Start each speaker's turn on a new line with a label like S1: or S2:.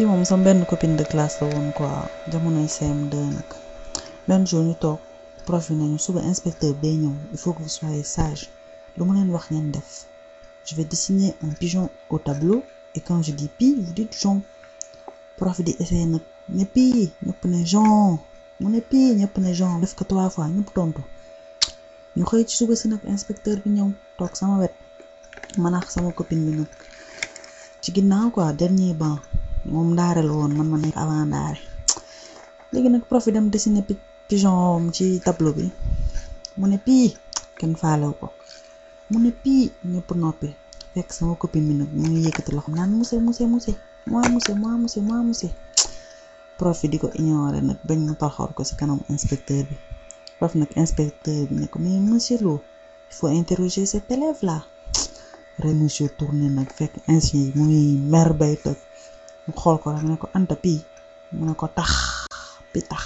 S1: kii moom sama benn copine de classe la woon quoi jamonoy cm de nag benn jour ñu toog prof yi nañu suba inspecteur day ñëw il faut que vous soyez sage lu ma leen wax ngeen def je vais dessiner un pigeon au tableau et quand je dis pie vous dites jon prof di essayé nag ne pii ne jon mu ne pii ñëpp ne jon def ko trois fois ñëpp tontu ñu xëy ci suba si nag inspecteur bi ñëw toog sama wet man sama copine bi nag ci ginnaaw quoi dernier banc moom ndaare la woon man ma nekk avant ndaare léegi nag prof bi dem dessiné pigeon ci tableau bi mu ne pii kenn faalew ko mu ne pii ñëpp noppi fekk sama copine bi nag mu ngi yëkkati loxo naan muse muse muse moi muse moi muse moi muse prof bi di ko ignoré nag bañ mu parxoor ko ci kanam inspecteur bi prof nag inspecteur bi ne ko mais monsieur Lo il faut interroger cet élève là. re monsieur nag fekk insi mu ngi mer bay toj mu xool ko rek ko anta pii mu ko tax bi tax